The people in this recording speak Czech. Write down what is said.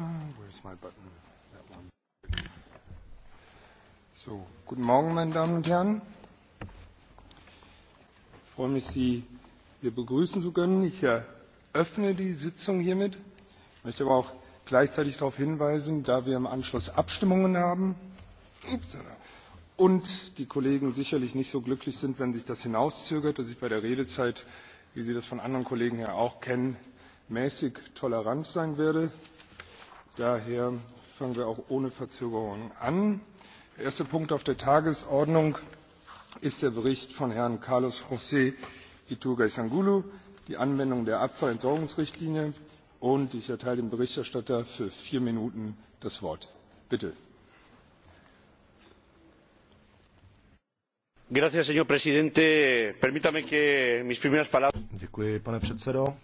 Uh, where's my button? That one. So, guten Morgen, meine Damen und Herren. Ich freue mich, Sie hier begrüßen zu können. Ich eröffne die Sitzung hiermit. Ich möchte aber auch gleichzeitig darauf hinweisen, da wir im Anschluss Abstimmungen haben und die Kollegen sicherlich nicht so glücklich sind, wenn sich das hinauszögert, dass ich bei der Redezeit, wie Sie das von anderen Kollegen ja auch kennen, mäßig tolerant sein werde. Daher fangen wir auch ohne Verzögerung an. Der erste Punkt auf der Tagesordnung ist der Bericht von Herrn Carlos José Iturgaizangulo, die Anwendung der Abfallentsorgungsrichtlinie. Und ich erteile dem Berichterstatter für vier Minuten das Wort. Bitte. Gracias, señor presidente. Permítame que mis primeras palabras. Děkuji, pane předsedo.